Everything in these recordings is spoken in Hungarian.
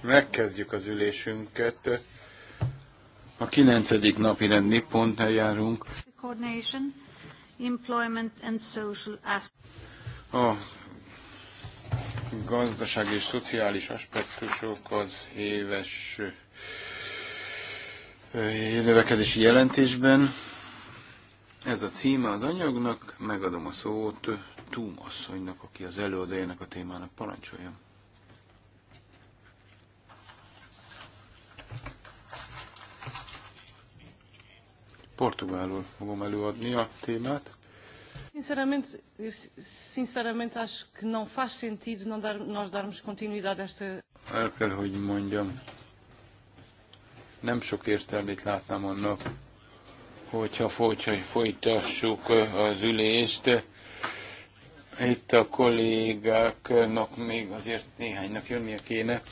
Megkezdjük az ülésünket. A kilencedik napi rendi pontnál járunk. A gazdaság és szociális aspektusok az éves eh, növekedési jelentésben. Ez a címe az anyagnak, megadom a szót Túmasszonynak, aki az előadójának a témának parancsolja. Portugálul fogom előadni a témát. Sinceramente, sinceramente acho que não faz sentido não dar, nós darmos continuidade a esta... El kell, hogy mondjam, nem sok értelmét látnám annak, hogyha folytassuk az ülést. Itt a kollégáknak még azért néhánynak jönnie kéne.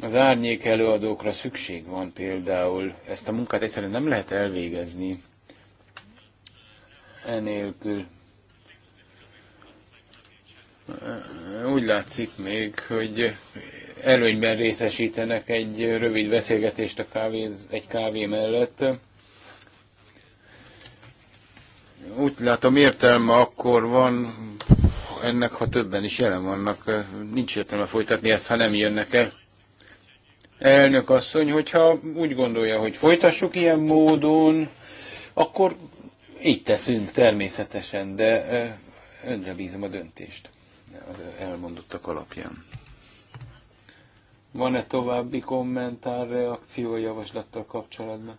Az árnyék előadókra szükség van például. Ezt a munkát egyszerűen nem lehet elvégezni enélkül. Úgy látszik még, hogy előnyben részesítenek egy rövid beszélgetést a kávé, egy kávé mellett. Úgy látom értelme akkor van ennek, ha többen is jelen vannak. Nincs értelme folytatni ezt, ha nem jönnek el elnök asszony, hogyha úgy gondolja, hogy folytassuk ilyen módon, akkor így teszünk természetesen, de önre bízom a döntést az elmondottak alapján. Van-e további kommentár, reakció, javaslattal kapcsolatban?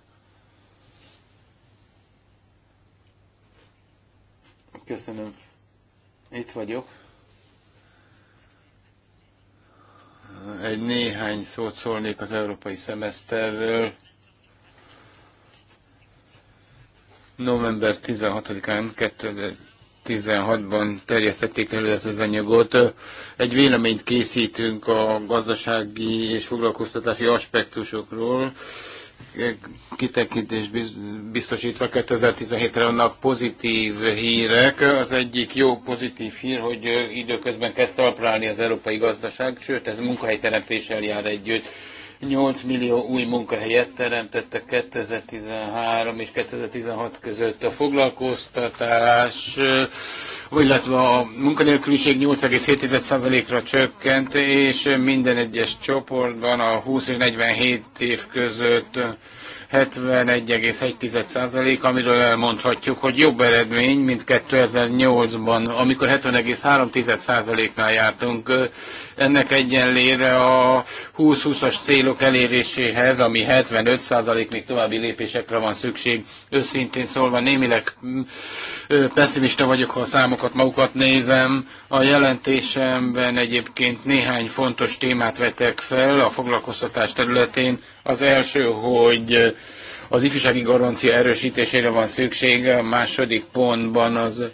Köszönöm. Itt vagyok. egy néhány szót szólnék az európai szemeszterről. November 16-án 2016-ban terjesztették elő ezt az anyagot. Egy véleményt készítünk a gazdasági és foglalkoztatási aspektusokról kitekintés biztosítva 2017-re annak pozitív hírek. Az egyik jó pozitív hír, hogy időközben kezd talprálni az európai gazdaság, sőt ez munkahelyteremtéssel jár együtt. 8 millió új munkahelyet teremtettek 2013 és 2016 között. A foglalkoztatás, illetve a munkanélküliség 8,7%-ra csökkent, és minden egyes csoportban a 20 és 47 év között 71,1%, amiről elmondhatjuk, hogy jobb eredmény, mint 2008-ban, amikor 70,3%-nál jártunk. Ennek egyenlére a 20-20-as célok eléréséhez, ami 75% még további lépésekre van szükség. Őszintén szólva némileg mm, pessimista vagyok, ha a számokat magukat nézem. A jelentésemben egyébként néhány fontos témát vetek fel a foglalkoztatás területén, az első, hogy eh, az ifjúsági garancia erősítésére van szüksége, a második pontban az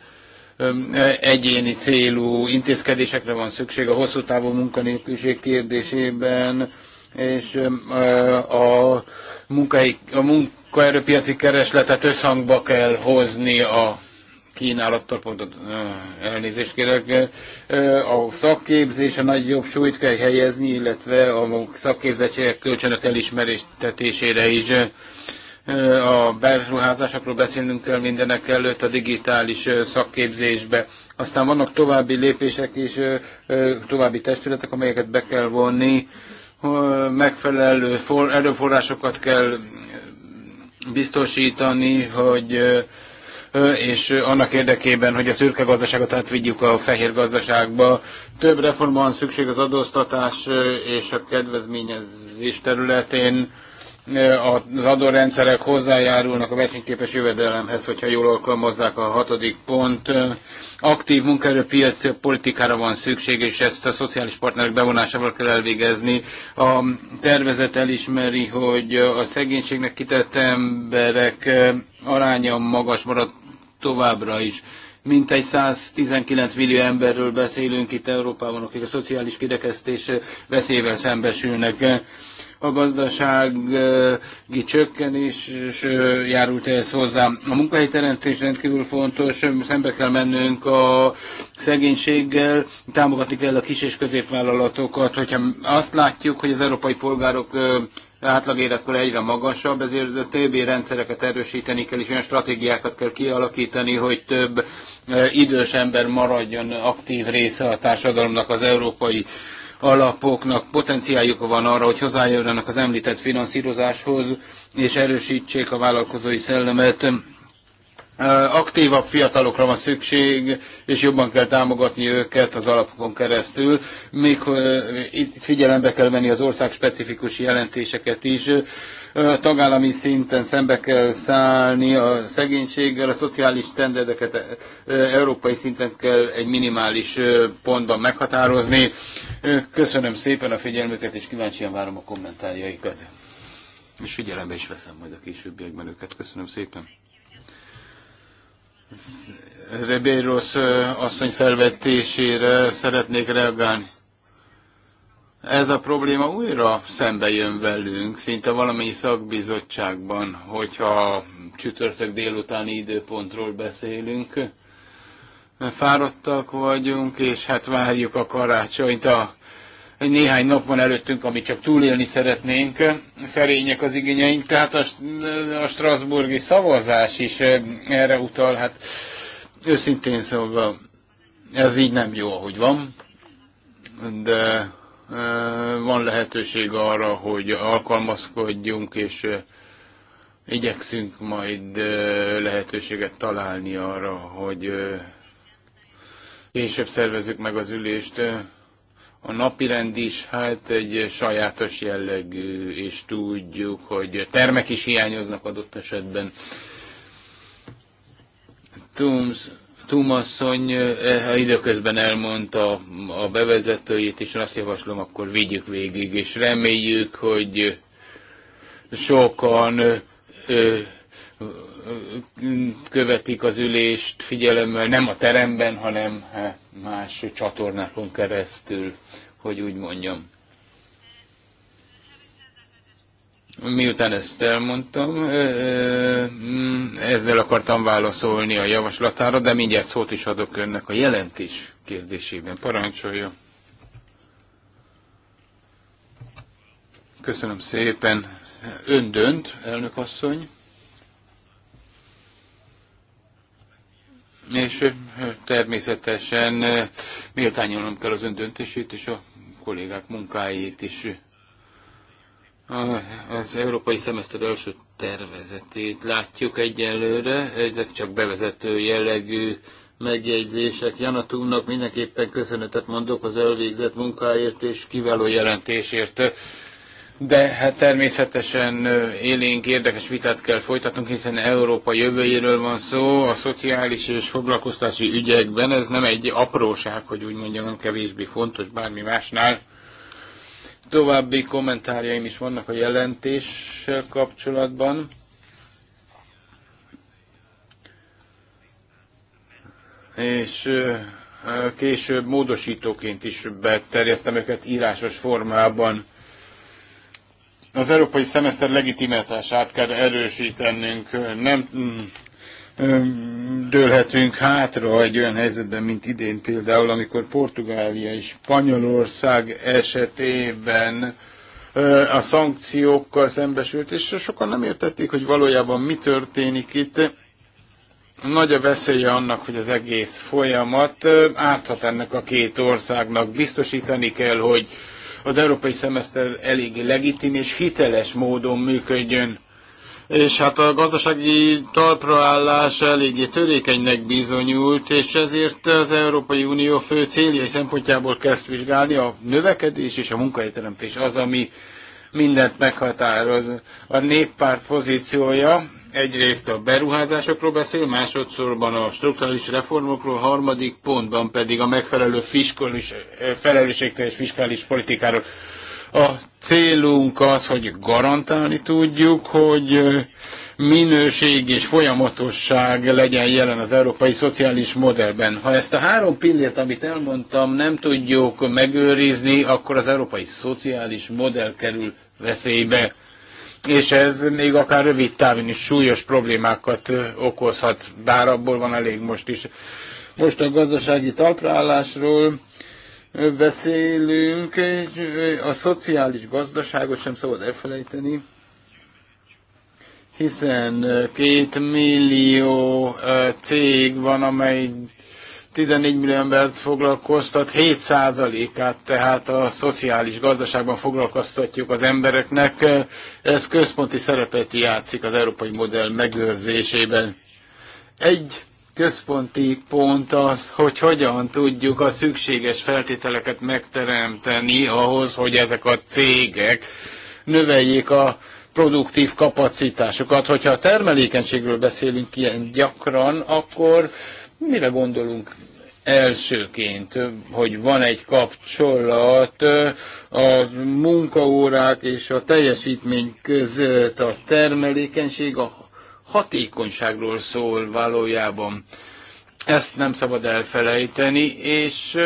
eh, egyéni célú intézkedésekre van szükség a hosszú távú munkanélküliség kérdésében, és eh, a, munkai, a munkaerőpiaci keresletet összhangba kell hozni a kínálattal, pont elnézést kérek, a szakképzés a nagyobb súlyt kell helyezni, illetve a szakképzettségek kölcsönök elismeréstetésére is. A beruházásokról beszélnünk kell mindenek előtt a digitális szakképzésbe. Aztán vannak további lépések és további testületek, amelyeket be kell vonni. Megfelelő erőforrásokat kell biztosítani, hogy és annak érdekében, hogy a szürke gazdaságot átvigyük a fehér gazdaságba, több reformban van szükség az adóztatás és a kedvezményezés területén. Az adórendszerek hozzájárulnak a versenyképes jövedelemhez, hogyha jól alkalmazzák a hatodik pont. Aktív munkaerőpiaci politikára van szükség, és ezt a szociális partnerek bevonásával kell elvégezni. A tervezet elismeri, hogy a szegénységnek kitett emberek aránya magas maradt továbbra is. Mintegy 119 millió emberről beszélünk itt Európában, akik a szociális kirekesztés veszélyvel szembesülnek a gazdasági csökkenés járult ehhez hozzá. A munkahelyteremtés rendkívül fontos, szembe kell mennünk a szegénységgel, támogatni kell a kis és középvállalatokat. Hogyha azt látjuk, hogy az európai polgárok életkor egyre magasabb, ezért a TB rendszereket erősíteni kell, és olyan stratégiákat kell kialakítani, hogy több e, idős ember maradjon aktív része a társadalomnak, az európai alapoknak potenciáljuk van arra, hogy hozzájönnek az említett finanszírozáshoz, és erősítsék a vállalkozói szellemet aktívabb fiatalokra van szükség, és jobban kell támogatni őket az alapokon keresztül. Még itt figyelembe kell venni az ország specifikus jelentéseket is. Tagállami szinten szembe kell szállni a szegénységgel, a szociális standardeket európai szinten kell egy minimális pontban meghatározni. Köszönöm szépen a figyelmüket, és kíváncsian várom a kommentárjaikat. És figyelembe is veszem majd a későbbiekben őket. Köszönöm szépen. Rebéros asszony felvetésére szeretnék reagálni. Ez a probléma újra szembe jön velünk, szinte valamennyi szakbizottságban, hogyha csütörtök délutáni időpontról beszélünk. Fáradtak vagyunk, és hát várjuk a karácsonyt, a néhány nap van előttünk, amit csak túlélni szeretnénk, szerények az igényeink, tehát a, a Strasburgi szavazás is eh, erre utal, hát őszintén szólva ez így nem jó, ahogy van, de eh, van lehetőség arra, hogy alkalmazkodjunk, és eh, igyekszünk majd lehetőséget találni arra, hogy később szervezzük meg az ülést. A napirend is hát egy sajátos jellegű, és tudjuk, hogy termek is hiányoznak adott esetben. Tums, Tumasszony eh, ha időközben elmondta a bevezetőjét, és azt javaslom, akkor vigyük végig, és reméljük, hogy sokan eh, követik az ülést figyelemmel, nem a teremben, hanem hát, más csatornákon keresztül, hogy úgy mondjam. Miután ezt elmondtam, mm, ezzel akartam válaszolni a javaslatára, de mindjárt szót is adok önnek a jelentés kérdésében. Parancsolja! Köszönöm szépen. Ön dönt, elnök asszony. és természetesen méltányolnom kell az ön döntését és a kollégák munkáját is. Az európai szemeszter első tervezetét látjuk egyelőre, ezek csak bevezető jellegű megjegyzések. Janatúrnak mindenképpen köszönetet mondok az elvégzett munkáért és kiváló jelentésért. De hát természetesen élénk érdekes vitát kell folytatnunk, hiszen Európa jövőjéről van szó, a szociális és foglalkoztási ügyekben ez nem egy apróság, hogy úgy mondjam, nem kevésbé fontos bármi másnál. További kommentárjaim is vannak a jelentéssel kapcsolatban. És később módosítóként is beterjesztem őket írásos formában. Az európai szemeszter legitimitását kell erősítenünk, nem mm, mm, dőlhetünk hátra egy olyan helyzetben, mint idén például, amikor Portugália és Spanyolország esetében a szankciókkal szembesült, és sokan nem értették, hogy valójában mi történik itt. Nagy a veszélye annak, hogy az egész folyamat áthat ennek a két országnak. Biztosítani kell, hogy az európai szemeszter eléggé legitim és hiteles módon működjön. És hát a gazdasági talpraállás eléggé törékenynek bizonyult, és ezért az Európai Unió fő céljai szempontjából kezd vizsgálni a növekedés és a munkahelyteremtés az, ami mindent meghatároz. A néppárt pozíciója Egyrészt a beruházásokról beszél, másodszorban a strukturális reformokról, harmadik pontban pedig a megfelelő fiskális, eh, felelősségteljes fiskális politikáról. A célunk az, hogy garantálni tudjuk, hogy eh, minőség és folyamatosság legyen jelen az európai szociális modellben. Ha ezt a három pillért, amit elmondtam, nem tudjuk megőrizni, akkor az európai szociális modell kerül veszélybe és ez még akár rövid távon is súlyos problémákat okozhat, bár abból van elég most is. Most a gazdasági talpraállásról beszélünk, a szociális gazdaságot sem szabad elfelejteni, hiszen két millió cég van, amely 14 millió embert foglalkoztat, 7%-át tehát a szociális gazdaságban foglalkoztatjuk az embereknek. Ez központi szerepet játszik az európai modell megőrzésében. Egy központi pont az, hogy hogyan tudjuk a szükséges feltételeket megteremteni ahhoz, hogy ezek a cégek növeljék a produktív kapacitásokat. Hogyha a termelékenységről beszélünk ilyen gyakran, akkor Mire gondolunk elsőként, hogy van egy kapcsolat a munkaórák és a teljesítmény között a termelékenység a hatékonyságról szól valójában. Ezt nem szabad elfelejteni, és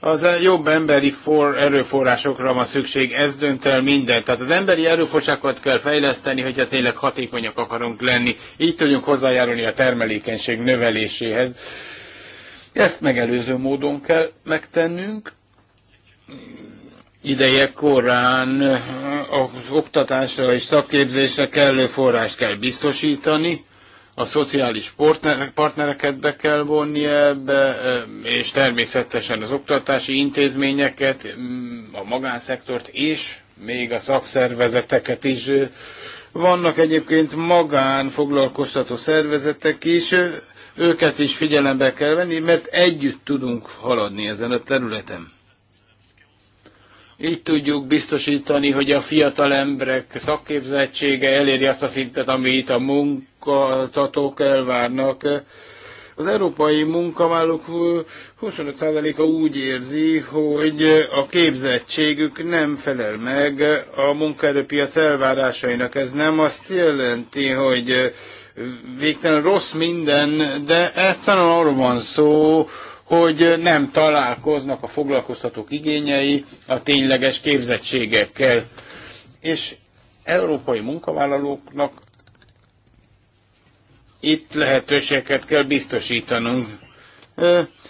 az a jobb emberi for, erőforrásokra van szükség, ez dönt el mindent. Tehát az emberi erőforrásokat kell fejleszteni, hogyha tényleg hatékonyak akarunk lenni. Így tudjunk hozzájárulni a termelékenység növeléséhez. Ezt megelőző módon kell megtennünk. Ideje korán az oktatásra és szakképzésre kellő forrást kell biztosítani, a szociális partnereket be kell vonni ebbe, és természetesen az oktatási intézményeket, a magánszektort és még a szakszervezeteket is. Vannak egyébként magánfoglalkoztató szervezetek is, őket is figyelembe kell venni, mert együtt tudunk haladni ezen a területen. Így tudjuk biztosítani, hogy a fiatal emberek szakképzettsége eléri azt a szintet, amit a munkatatók elvárnak. Az európai munkavállalók 25%-a úgy érzi, hogy a képzettségük nem felel meg a munkaerőpiac elvárásainak. Ez nem azt jelenti, hogy végtelen rossz minden, de egyszerűen arról van szó, hogy nem találkoznak a foglalkoztatók igényei a tényleges képzettségekkel. És európai munkavállalóknak itt lehetőségeket kell biztosítanunk.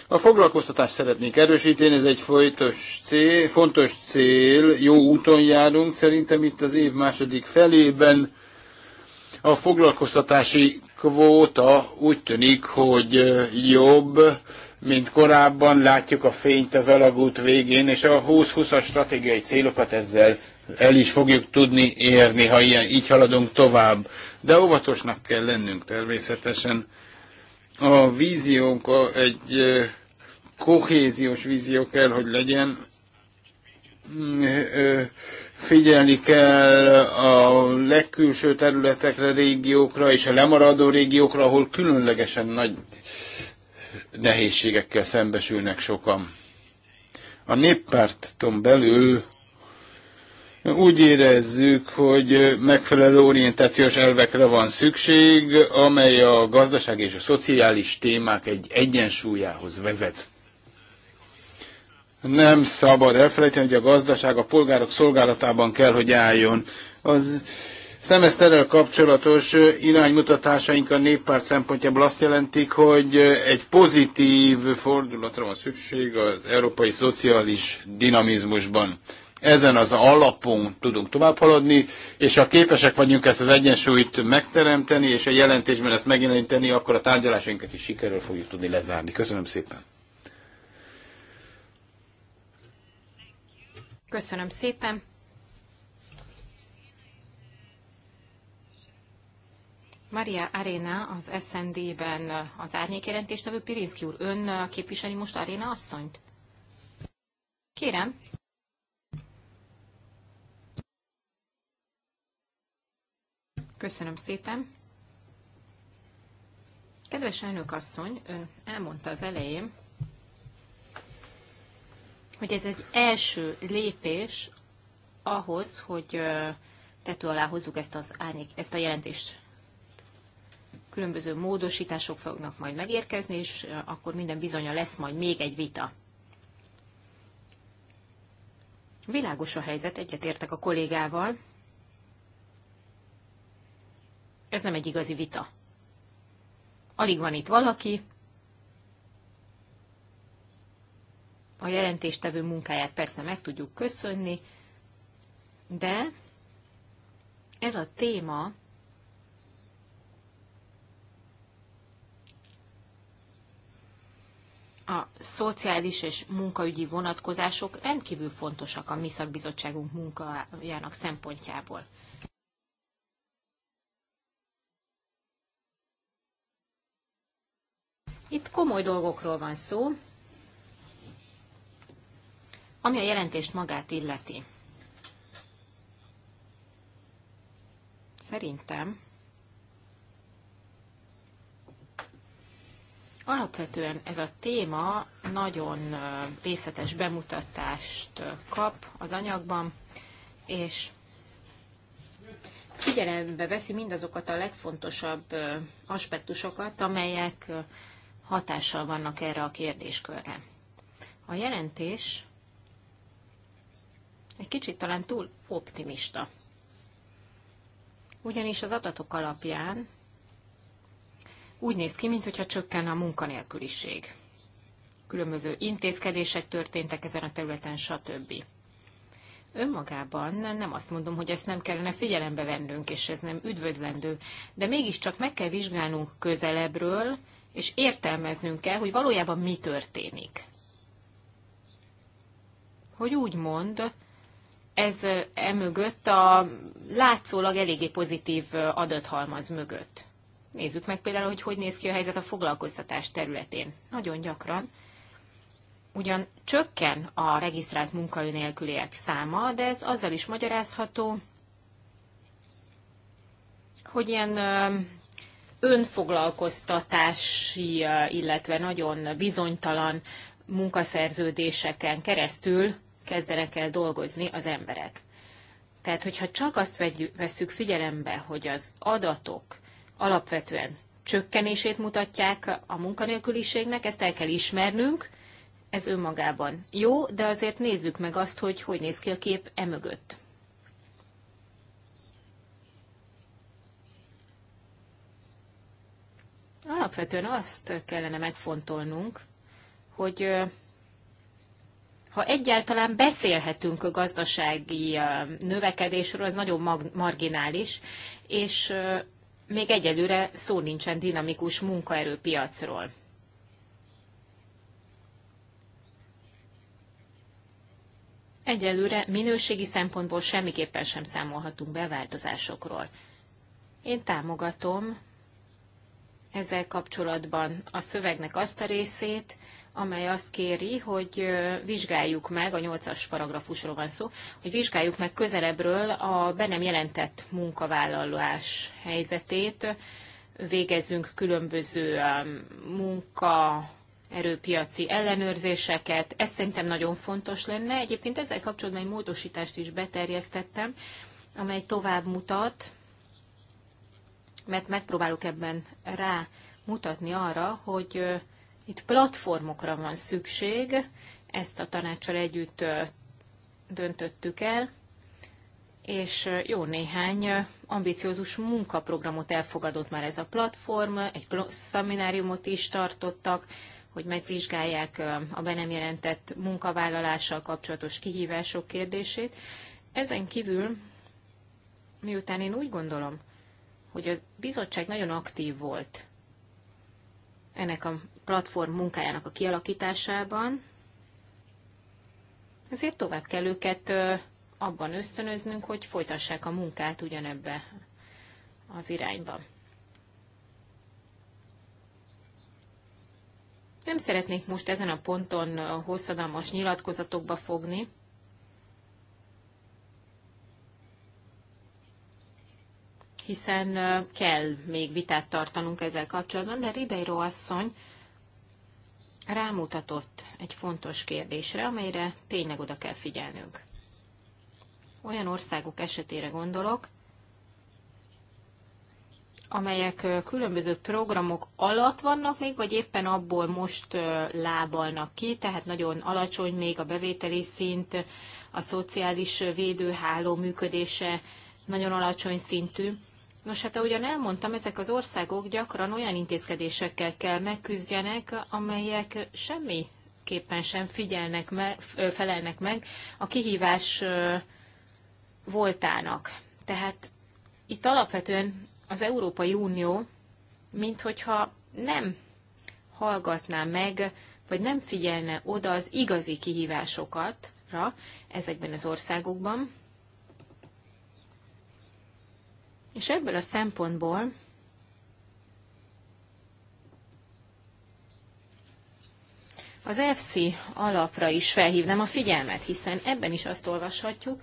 A foglalkoztatást szeretnénk erősíteni, ez egy folytos cél, fontos cél, jó úton járunk. Szerintem itt az év második felében a foglalkoztatási kvóta úgy tűnik, hogy jobb, mint korábban, látjuk a fényt az alagút végén, és a 20-20-as stratégiai célokat ezzel el is fogjuk tudni érni, ha ilyen, így haladunk tovább. De óvatosnak kell lennünk természetesen. A víziónk egy kohéziós vízió kell, hogy legyen. Figyelni kell a legkülső területekre, régiókra és a lemaradó régiókra, ahol különlegesen nagy nehézségekkel szembesülnek sokan. A néppárton belül úgy érezzük, hogy megfelelő orientációs elvekre van szükség, amely a gazdaság és a szociális témák egy egyensúlyához vezet. Nem szabad elfelejteni, hogy a gazdaság a polgárok szolgálatában kell, hogy álljon. Az szemeszterrel kapcsolatos iránymutatásaink a néppárt szempontjából azt jelentik, hogy egy pozitív fordulatra van szükség az európai szociális dinamizmusban. Ezen az alapon tudunk tovább haladni, és ha képesek vagyunk ezt az egyensúlyt megteremteni, és a jelentésben ezt megjeleníteni, akkor a tárgyalásainkat is sikerül fogjuk tudni lezárni. Köszönöm szépen! Köszönöm szépen! Maria Arena az SND-ben az árnyékjelentéstevő Pirinszki úr. Ön képviseli most Arena asszonyt? Kérem. Köszönöm szépen. Kedves elnök asszony, ön elmondta az elején, hogy ez egy első lépés ahhoz, hogy tető alá hozzuk ezt, az árnyék, ezt a jelentést különböző módosítások fognak majd megérkezni, és akkor minden bizonya lesz majd még egy vita. Világos a helyzet, egyetértek a kollégával. Ez nem egy igazi vita. Alig van itt valaki, a jelentéstevő munkáját persze meg tudjuk köszönni, de ez a téma a szociális és munkaügyi vonatkozások rendkívül fontosak a mi szakbizottságunk munkájának szempontjából. Itt komoly dolgokról van szó, ami a jelentést magát illeti. Szerintem Alapvetően ez a téma nagyon részletes bemutatást kap az anyagban, és figyelembe veszi mindazokat a legfontosabb aspektusokat, amelyek hatással vannak erre a kérdéskörre. A jelentés egy kicsit talán túl optimista. Ugyanis az adatok alapján úgy néz ki, mintha csökkenne a munkanélküliség. Különböző intézkedések történtek ezen a területen, stb. Önmagában nem azt mondom, hogy ezt nem kellene figyelembe vennünk, és ez nem üdvözlendő, de mégiscsak meg kell vizsgálnunk közelebbről, és értelmeznünk kell, hogy valójában mi történik. Hogy úgy mond, ez emögött a látszólag eléggé pozitív adathalmaz mögött Nézzük meg például, hogy hogy néz ki a helyzet a foglalkoztatás területén. Nagyon gyakran ugyan csökken a regisztrált munkaönélküliek száma, de ez azzal is magyarázható, hogy ilyen önfoglalkoztatási, illetve nagyon bizonytalan munkaszerződéseken keresztül kezdenek el dolgozni az emberek. Tehát, hogyha csak azt veszük figyelembe, hogy az adatok alapvetően csökkenését mutatják a munkanélküliségnek, ezt el kell ismernünk, ez önmagában jó, de azért nézzük meg azt, hogy hogy néz ki a kép emögött. Alapvetően azt kellene megfontolnunk, hogy ha egyáltalán beszélhetünk a gazdasági növekedésről, az nagyon marginális, és még egyelőre szó nincsen dinamikus munkaerőpiacról. Egyelőre minőségi szempontból semmiképpen sem számolhatunk be változásokról. Én támogatom ezzel kapcsolatban a szövegnek azt a részét, amely azt kéri, hogy vizsgáljuk meg, a 8-as paragrafusról van szó, hogy vizsgáljuk meg közelebbről a be nem jelentett munkavállalás helyzetét, végezzünk különböző munka erőpiaci ellenőrzéseket. Ez szerintem nagyon fontos lenne. Egyébként ezzel kapcsolatban egy módosítást is beterjesztettem, amely tovább mutat, mert megpróbálok ebben rá mutatni arra, hogy itt platformokra van szükség, ezt a tanácsal együtt döntöttük el, és jó néhány ambiciózus munkaprogramot elfogadott már ez a platform, egy szemináriumot is tartottak, hogy megvizsgálják a be nem jelentett munkavállalással kapcsolatos kihívások kérdését. Ezen kívül, miután én úgy gondolom, hogy a bizottság nagyon aktív volt ennek a platform munkájának a kialakításában. Ezért tovább kell őket abban ösztönöznünk, hogy folytassák a munkát ugyanebbe az irányba. Nem szeretnék most ezen a ponton hosszadalmas nyilatkozatokba fogni. hiszen kell még vitát tartanunk ezzel kapcsolatban, de Ribeiro asszony rámutatott egy fontos kérdésre, amelyre tényleg oda kell figyelnünk. Olyan országok esetére gondolok, amelyek különböző programok alatt vannak még, vagy éppen abból most lábalnak ki, tehát nagyon alacsony még a bevételi szint, a szociális védőháló működése nagyon alacsony szintű. Nos, hát ahogyan elmondtam, ezek az országok gyakran olyan intézkedésekkel kell megküzdjenek, amelyek semmi képpen sem figyelnek, me, felelnek meg a kihívás voltának. Tehát itt alapvetően az Európai Unió, mint hogyha nem hallgatná meg, vagy nem figyelne oda az igazi kihívásokatra ezekben az országokban, És ebből a szempontból az FC alapra is felhívnám a figyelmet, hiszen ebben is azt olvashatjuk,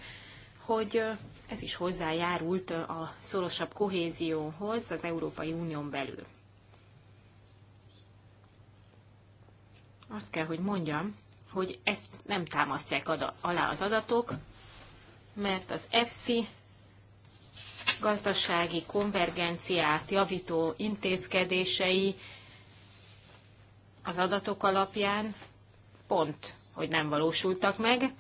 hogy ez is hozzájárult a szorosabb kohézióhoz az Európai Unión belül. Azt kell, hogy mondjam, hogy ezt nem támasztják alá az adatok, mert az EFSI gazdasági konvergenciát javító intézkedései az adatok alapján pont, hogy nem valósultak meg,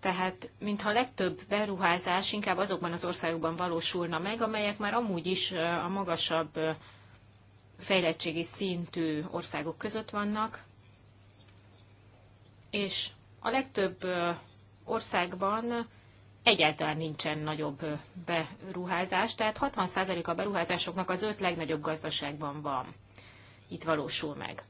tehát mintha legtöbb beruházás inkább azokban az országokban valósulna meg, amelyek már amúgy is a magasabb fejlettségi szintű országok között vannak, és a legtöbb országban egyáltalán nincsen nagyobb beruházás, tehát 60% a beruházásoknak az öt legnagyobb gazdaságban van. Itt valósul meg.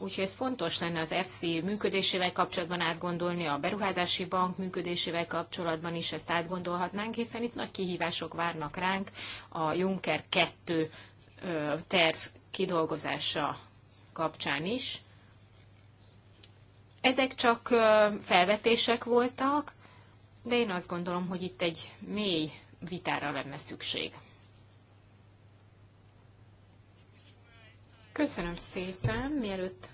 Úgyhogy ez fontos lenne az FC működésével kapcsolatban átgondolni, a beruházási bank működésével kapcsolatban is ezt átgondolhatnánk, hiszen itt nagy kihívások várnak ránk a Juncker 2 terv kidolgozása kapcsán is. Ezek csak felvetések voltak, de én azt gondolom, hogy itt egy mély vitára lenne szükség. Köszönöm szépen, mielőtt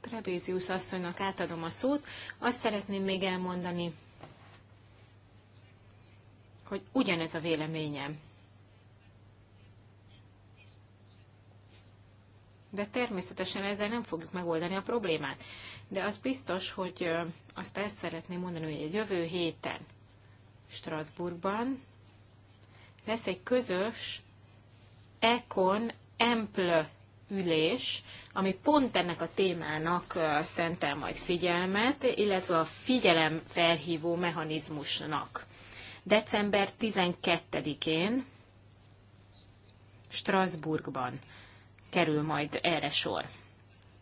Trebézius asszonynak átadom a szót. Azt szeretném még elmondani, hogy ugyanez a véleményem. de természetesen ezzel nem fogjuk megoldani a problémát. De az biztos, hogy azt ezt szeretném mondani, hogy a jövő héten Strasbourgban lesz egy közös Econ Emple ülés, ami pont ennek a témának szentel majd figyelmet, illetve a figyelem felhívó mechanizmusnak. December 12-én Strasbourgban kerül majd erre sor.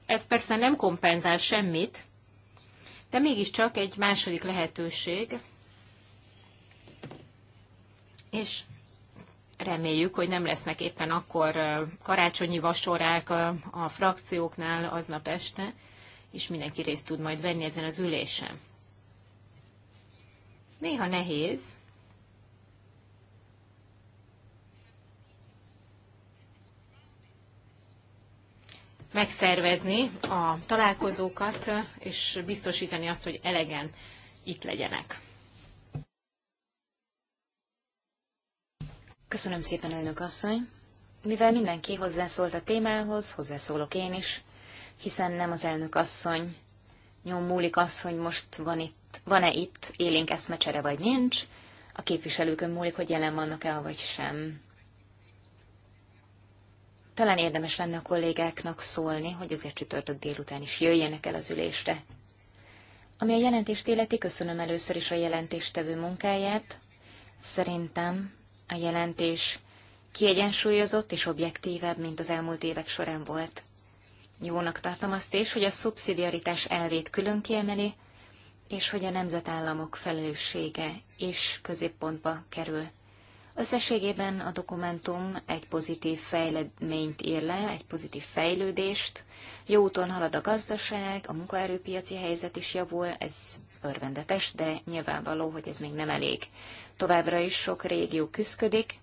Ez persze nem kompenzál semmit, de mégiscsak egy második lehetőség, és reméljük, hogy nem lesznek éppen akkor karácsonyi vasorák a frakcióknál aznap este, és mindenki részt tud majd venni ezen az ülésen. Néha nehéz, megszervezni a találkozókat, és biztosítani azt, hogy elegen itt legyenek. Köszönöm szépen, elnök asszony. Mivel mindenki hozzászólt a témához, hozzászólok én is, hiszen nem az elnök asszony nyom múlik az, hogy most van itt, van-e itt élénk eszmecsere vagy nincs, a képviselőkön múlik, hogy jelen vannak-e, vagy sem talán érdemes lenne a kollégáknak szólni, hogy azért csütörtök délután is jöjjenek el az ülésre. Ami a jelentést illeti, köszönöm először is a jelentéstevő munkáját. Szerintem a jelentés kiegyensúlyozott és objektívebb, mint az elmúlt évek során volt. Jónak tartom azt is, hogy a szubszidiaritás elvét külön kiemeli, és hogy a nemzetállamok felelőssége is középpontba kerül. Összességében a dokumentum egy pozitív fejleményt ír le, egy pozitív fejlődést. Jó úton halad a gazdaság, a munkaerőpiaci helyzet is javul, ez örvendetes, de nyilvánvaló, hogy ez még nem elég. Továbbra is sok régió küzdik,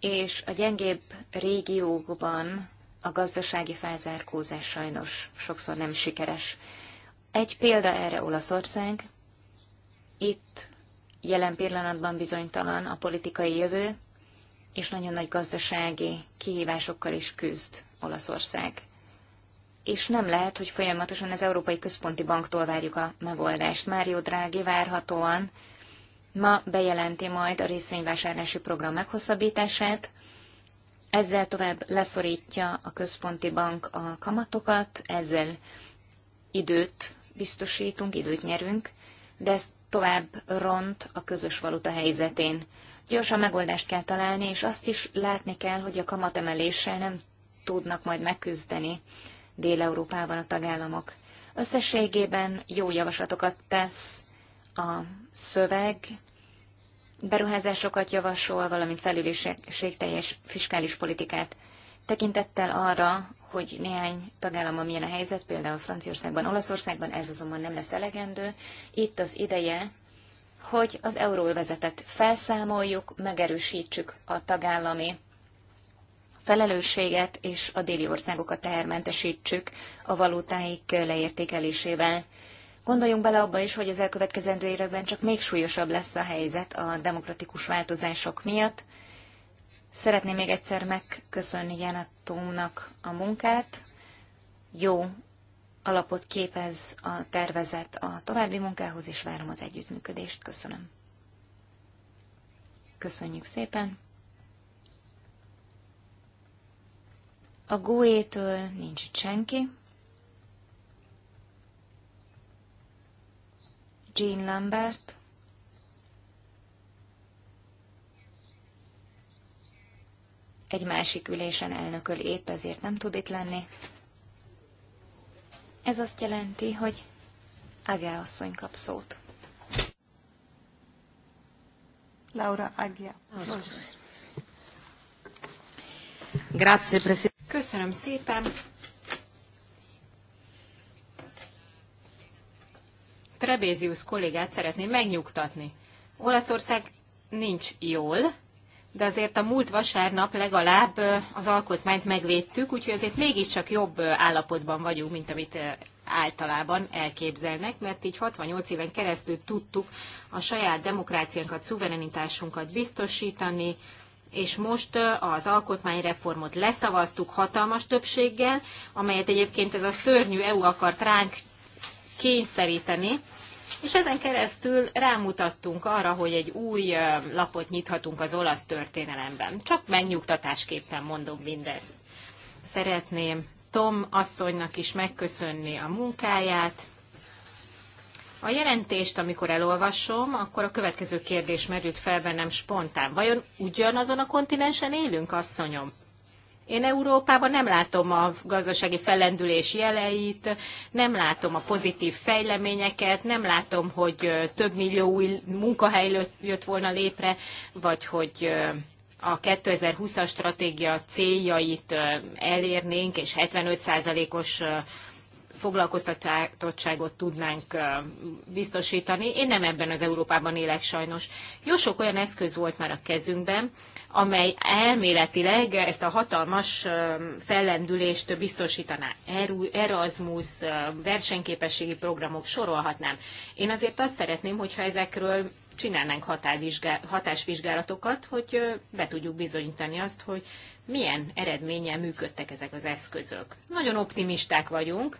és a gyengébb régiókban a gazdasági felzárkózás sajnos sokszor nem sikeres. Egy példa erre Olaszország. Itt Jelen pillanatban bizonytalan a politikai jövő, és nagyon nagy gazdasági kihívásokkal is küzd Olaszország. És nem lehet, hogy folyamatosan az Európai Központi Banktól várjuk a megoldást. Mário Drági várhatóan ma bejelenti majd a részvényvásárlási program meghosszabbítását, ezzel tovább leszorítja a központi bank a kamatokat, ezzel időt biztosítunk, időt nyerünk, de ezt tovább ront a közös valuta helyzetén. Gyorsan megoldást kell találni, és azt is látni kell, hogy a kamatemeléssel nem tudnak majd megküzdeni Dél-Európában a tagállamok. Összességében jó javaslatokat tesz a szöveg, beruházásokat javasol, valamint felülésségteljes fiskális politikát. Tekintettel arra, hogy néhány tagállamban milyen a helyzet, például Franciaországban, Olaszországban, ez azonban nem lesz elegendő. Itt az ideje, hogy az euróvezetet felszámoljuk, megerősítsük a tagállami felelősséget, és a déli országokat tehermentesítsük a valutáik leértékelésével. Gondoljunk bele abba is, hogy az elkövetkezendő években csak még súlyosabb lesz a helyzet a demokratikus változások miatt, Szeretném még egyszer megköszönni Janatónak a munkát. Jó alapot képez a tervezet a további munkához, és várom az együttműködést. Köszönöm. Köszönjük szépen. A GUE-től nincs itt senki. Jean Lambert. egy másik ülésen elnököl épp ezért nem tud itt lenni. Ez azt jelenti, hogy Ágá asszony kap szót. Laura Ágia. Grazie, Presidente. Köszönöm szépen. Trebézius kollégát szeretném megnyugtatni. Olaszország nincs jól, de azért a múlt vasárnap legalább az alkotmányt megvédtük, úgyhogy azért mégiscsak jobb állapotban vagyunk, mint amit általában elképzelnek, mert így 68 éven keresztül tudtuk a saját demokráciánkat, szuverenitásunkat biztosítani, és most az alkotmányreformot leszavaztuk hatalmas többséggel, amelyet egyébként ez a szörnyű EU akart ránk kényszeríteni, és ezen keresztül rámutattunk arra, hogy egy új lapot nyithatunk az olasz történelemben. Csak megnyugtatásképpen mondom mindezt. Szeretném Tom asszonynak is megköszönni a munkáját. A jelentést, amikor elolvasom, akkor a következő kérdés merült fel bennem spontán. Vajon ugyanazon a kontinensen élünk, asszonyom? Én Európában nem látom a gazdasági fellendülés jeleit, nem látom a pozitív fejleményeket, nem látom, hogy több millió új munkahely jött volna létre, vagy hogy a 2020-as stratégia céljait elérnénk, és 75%-os foglalkoztatottságot tudnánk biztosítani. Én nem ebben az Európában élek sajnos. Jó sok olyan eszköz volt már a kezünkben, amely elméletileg ezt a hatalmas fellendülést biztosítaná. Erasmus, versenyképességi programok sorolhatnám. Én azért azt szeretném, hogyha ezekről csinálnánk hatásvizsgálatokat, hogy be tudjuk bizonyítani azt, hogy milyen eredménnyel működtek ezek az eszközök. Nagyon optimisták vagyunk,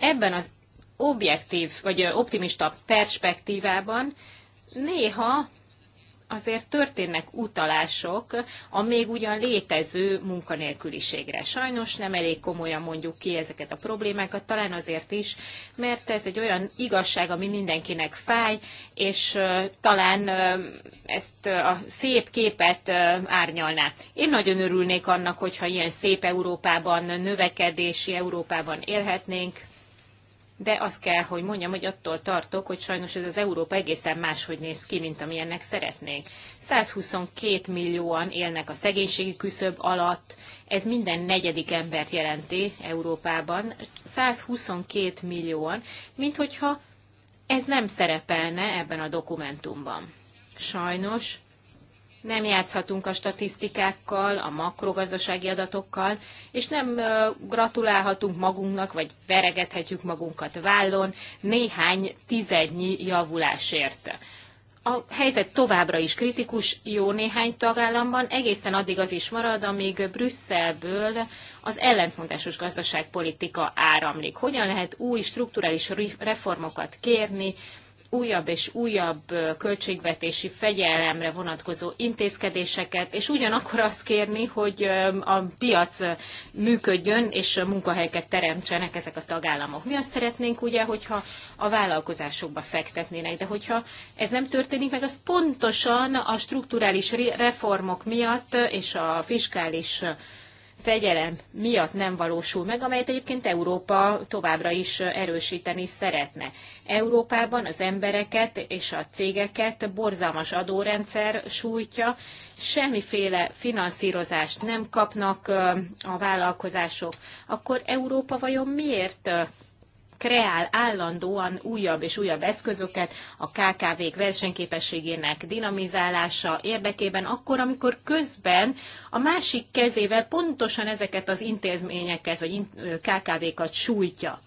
Ebben az objektív vagy optimista perspektívában néha azért történnek utalások a még ugyan létező munkanélküliségre. Sajnos nem elég komolyan mondjuk ki ezeket a problémákat, talán azért is, mert ez egy olyan igazság, ami mindenkinek fáj, és talán ezt a szép képet árnyalná. Én nagyon örülnék annak, hogyha ilyen szép Európában, növekedési Európában élhetnénk, de azt kell, hogy mondjam, hogy attól tartok, hogy sajnos ez az Európa egészen máshogy néz ki, mint amilyennek szeretnénk. 122 millióan élnek a szegénységi küszöb alatt, ez minden negyedik embert jelenti Európában. 122 millióan, mint hogyha ez nem szerepelne ebben a dokumentumban. Sajnos nem játszhatunk a statisztikákkal, a makrogazdasági adatokkal, és nem gratulálhatunk magunknak, vagy veregethetjük magunkat vállon néhány tizednyi javulásért. A helyzet továbbra is kritikus jó néhány tagállamban, egészen addig az is marad, amíg Brüsszelből az ellentmondásos gazdaságpolitika áramlik. Hogyan lehet új strukturális reformokat kérni, újabb és újabb költségvetési fegyelemre vonatkozó intézkedéseket, és ugyanakkor azt kérni, hogy a piac működjön, és munkahelyeket teremtsenek ezek a tagállamok. Mi azt szeretnénk ugye, hogyha a vállalkozásokba fektetnének, de hogyha ez nem történik meg, az pontosan a strukturális reformok miatt és a fiskális fegyelem miatt nem valósul meg, amelyet egyébként Európa továbbra is erősíteni szeretne. Európában az embereket és a cégeket borzalmas adórendszer sújtja, semmiféle finanszírozást nem kapnak a vállalkozások, akkor Európa vajon miért kreál állandóan újabb és újabb eszközöket a KKV-k versenyképességének dinamizálása érdekében, akkor, amikor közben a másik kezével pontosan ezeket az intézményeket vagy KKV-kat sújtja.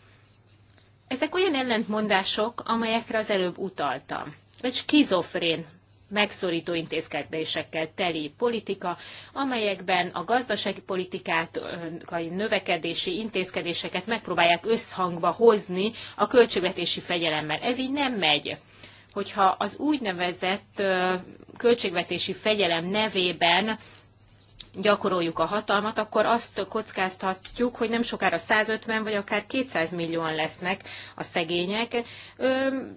Ezek olyan ellentmondások, amelyekre az előbb utaltam. Vagy skizofrén megszorító intézkedésekkel teli politika, amelyekben a gazdasági politikát, a növekedési intézkedéseket megpróbálják összhangba hozni a költségvetési fegyelemmel. Ez így nem megy hogyha az úgynevezett költségvetési fegyelem nevében gyakoroljuk a hatalmat, akkor azt kockáztatjuk, hogy nem sokára 150 vagy akár 200 millióan lesznek a szegények,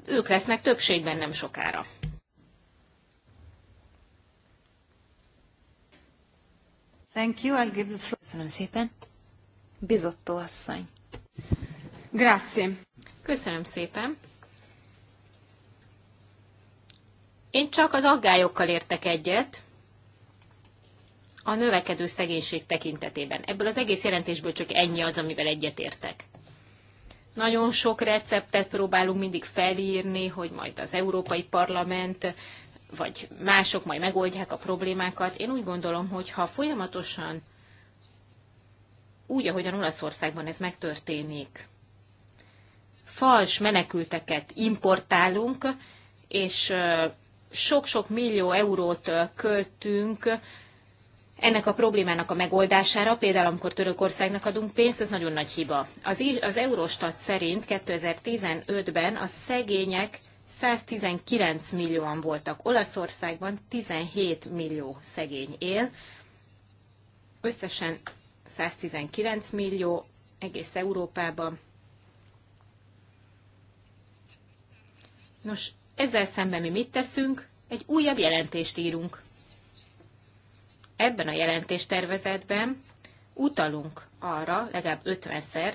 ők lesznek többségben nem sokára. Thank you, I'll give the floor. Köszönöm szépen. Bizotto asszony. Grazie. Köszönöm szépen. Én csak az aggályokkal értek egyet a növekedő szegénység tekintetében. Ebből az egész jelentésből csak ennyi az, amivel egyet értek. Nagyon sok receptet próbálunk mindig felírni, hogy majd az Európai Parlament vagy mások majd megoldják a problémákat. Én úgy gondolom, hogy ha folyamatosan úgy, ahogyan Olaszországban ez megtörténik, fals menekülteket importálunk, és sok-sok millió eurót költünk ennek a problémának a megoldására, például amikor Törökországnak adunk pénzt, ez nagyon nagy hiba. Az, az Eurostat szerint 2015-ben a szegények 119 millióan voltak. Olaszországban 17 millió szegény él. Összesen 119 millió egész Európában. Nos, ezzel szemben mi mit teszünk? Egy újabb jelentést írunk. Ebben a jelentéstervezetben utalunk arra legalább 50-szer,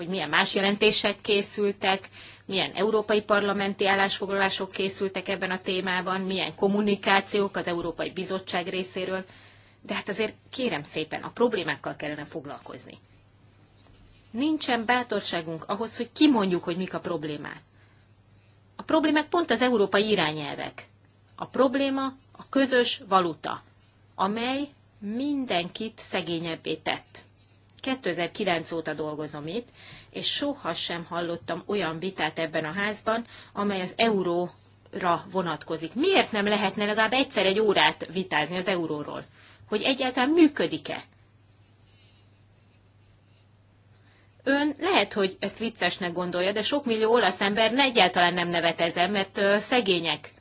hogy milyen más jelentések készültek, milyen európai parlamenti állásfoglalások készültek ebben a témában, milyen kommunikációk az Európai Bizottság részéről, de hát azért kérem szépen, a problémákkal kellene foglalkozni. Nincsen bátorságunk ahhoz, hogy kimondjuk, hogy mik a problémák. A problémák pont az európai irányelvek. A probléma a közös valuta, amely mindenkit szegényebbé tett. 2009 óta dolgozom itt, és soha sem hallottam olyan vitát ebben a házban, amely az euróra vonatkozik. Miért nem lehetne legalább egyszer egy órát vitázni az euróról? Hogy egyáltalán működik-e? Ön lehet, hogy ezt viccesnek gondolja, de sok millió olasz ember ne egyáltalán nem nevet ezen, mert ö, szegények.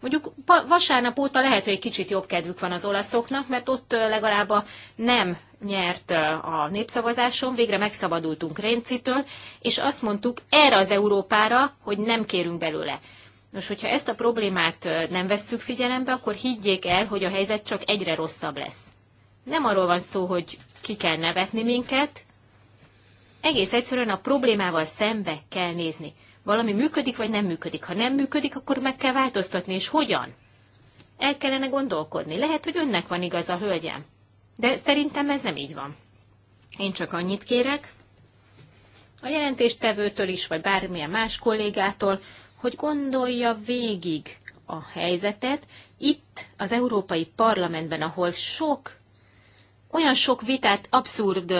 Mondjuk vasárnap óta lehet, hogy egy kicsit jobb kedvük van az olaszoknak, mert ott legalább a nem nyert a népszavazáson, végre megszabadultunk Réncitől, és azt mondtuk erre az Európára, hogy nem kérünk belőle. Nos, hogyha ezt a problémát nem vesszük figyelembe, akkor higgyék el, hogy a helyzet csak egyre rosszabb lesz. Nem arról van szó, hogy ki kell nevetni minket, egész egyszerűen a problémával szembe kell nézni. Valami működik, vagy nem működik. Ha nem működik, akkor meg kell változtatni, és hogyan? El kellene gondolkodni. Lehet, hogy önnek van igaza, hölgyem. De szerintem ez nem így van. Én csak annyit kérek, a jelentéstevőtől is, vagy bármilyen más kollégától, hogy gondolja végig a helyzetet. Itt az Európai Parlamentben, ahol sok olyan sok vitát abszurd,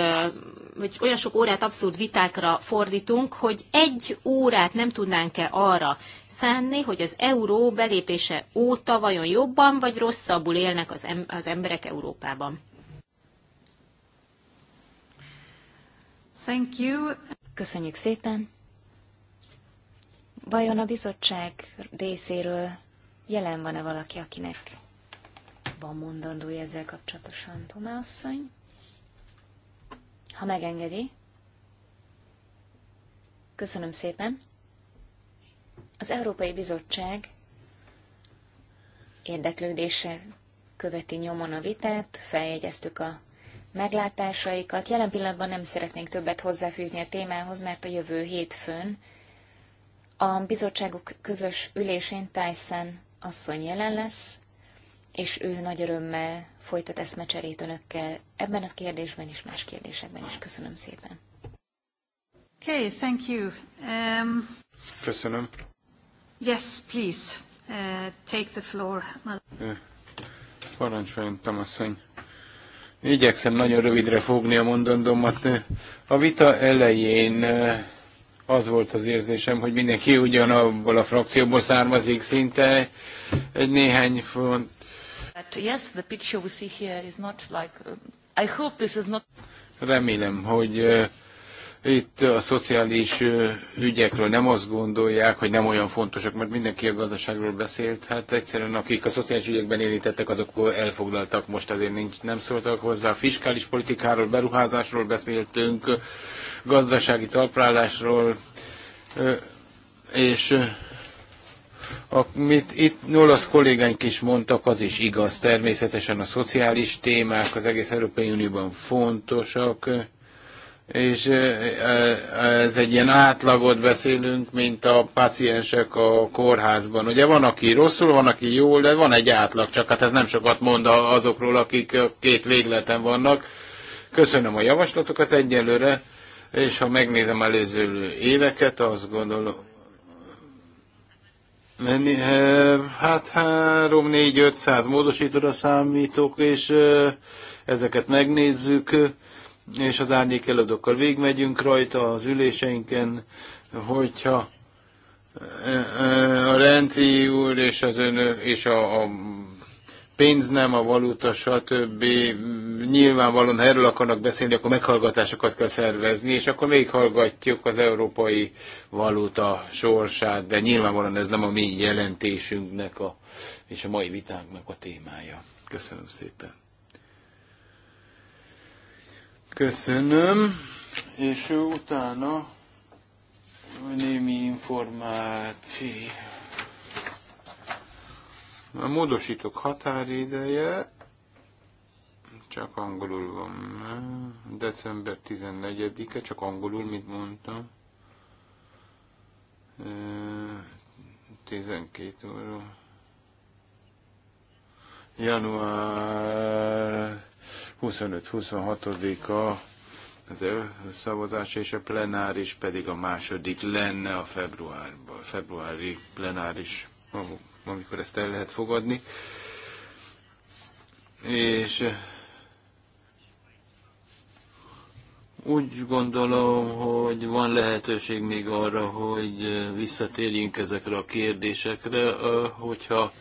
vagy olyan sok órát abszurd vitákra fordítunk, hogy egy órát nem tudnánk-e arra szánni, hogy az euró belépése óta vajon jobban vagy rosszabbul élnek az, az emberek Európában. Thank you. Köszönjük szépen. Vajon a bizottság részéről jelen van-e valaki, akinek van mondandója ezzel kapcsolatosan, Tomá asszony? Ha megengedi. Köszönöm szépen. Az Európai Bizottság érdeklődése követi nyomon a vitát, feljegyeztük a meglátásaikat. Jelen pillanatban nem szeretnénk többet hozzáfűzni a témához, mert a jövő hétfőn a bizottságok közös ülésén Tyson asszony jelen lesz, és ő nagy örömmel folytat eszmecserét önökkel ebben a kérdésben és más kérdésekben is. Köszönöm szépen. Okay, thank you. Um... Köszönöm. Yes, please. Uh, take the floor. Parancsoljon, Tamaszony. Igyekszem nagyon rövidre fogni a mondandómat. A vita elején az volt az érzésem, hogy mindenki ugyanabból a frakcióból származik szinte egy néhány font. Yes, the picture we see here is not like... Um, I hope this is not... Remélem, hogy itt a szociális ügyekről nem azt gondolják, hogy nem olyan fontosak, mert mindenki a gazdaságról beszélt. Hát egyszerűen akik a szociális ügyekben érintettek, azok elfoglaltak most, azért nincs, nem szóltak hozzá. A fiskális politikáról, beruházásról beszéltünk, gazdasági talprálásról, és amit itt olasz kollégánk is mondtak, az is igaz. Természetesen a szociális témák az egész Európai Unióban fontosak, és ez egy ilyen átlagot beszélünk, mint a paciensek a kórházban. Ugye van, aki rosszul, van, aki jól, de van egy átlag, csak hát ez nem sokat mond azokról, akik két végleten vannak. Köszönöm a javaslatokat egyelőre, és ha megnézem előző éveket, azt gondolom, Hát 3, 4, 500 módosítóra számítok, és ezeket megnézzük és az árnyék előadókkal végigmegyünk rajta az üléseinken, hogyha a Renci úr és az önök, és a, a pénz nem, a valuta, stb. nyilvánvalóan ha erről akarnak beszélni, akkor meghallgatásokat kell szervezni, és akkor még hallgatjuk az európai valuta sorsát, de nyilvánvalóan ez nem a mi jelentésünknek a, és a mai vitánknak a témája. Köszönöm szépen. Köszönöm, és utána némi információ. A határideje csak angolul van. December 14-e, csak angolul, mint mondtam. 12 óra. Január 25-26-a az elszavazás, és a plenáris pedig a második lenne a februárban, februári plenáris, amikor ezt el lehet fogadni. És úgy gondolom, hogy van lehetőség még arra, hogy visszatérjünk ezekre a kérdésekre, hogyha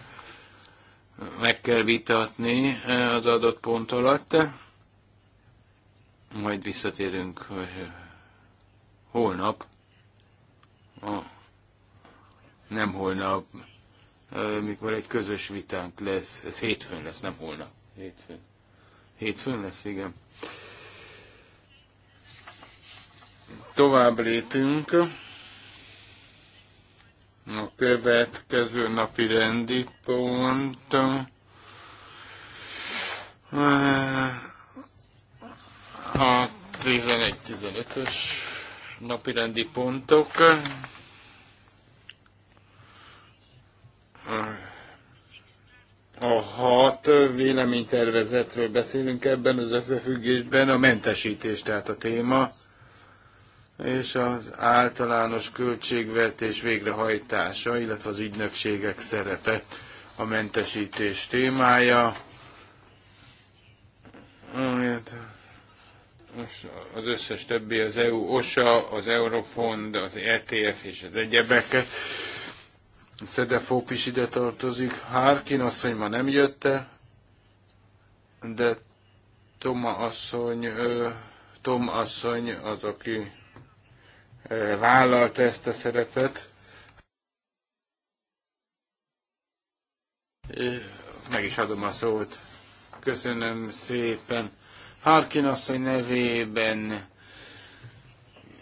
meg kell vitatni az adott pont alatt. Majd visszatérünk holnap. nem holnap, mikor egy közös vitánk lesz. Ez hétfőn lesz, nem holnap. Hétfőn. Hétfőn lesz, igen. Tovább lépünk. A következő napi rendi pont eh, a 11-15-ös napi rendi pontok. A hat véleménytervezetről beszélünk ebben az összefüggésben, a mentesítés tehát a téma és az általános költségvetés végrehajtása, illetve az ügynökségek szerepe a mentesítés témája. Az összes többi az EU OSA, az Eurofond, az ETF és az egyebeket. Szedefók is ide tartozik. Harkin asszony ma nem jötte, de Toma asszony, Tom asszony az, aki vállalta ezt a szerepet. Meg is adom a szót. Köszönöm szépen. Harkin asszony nevében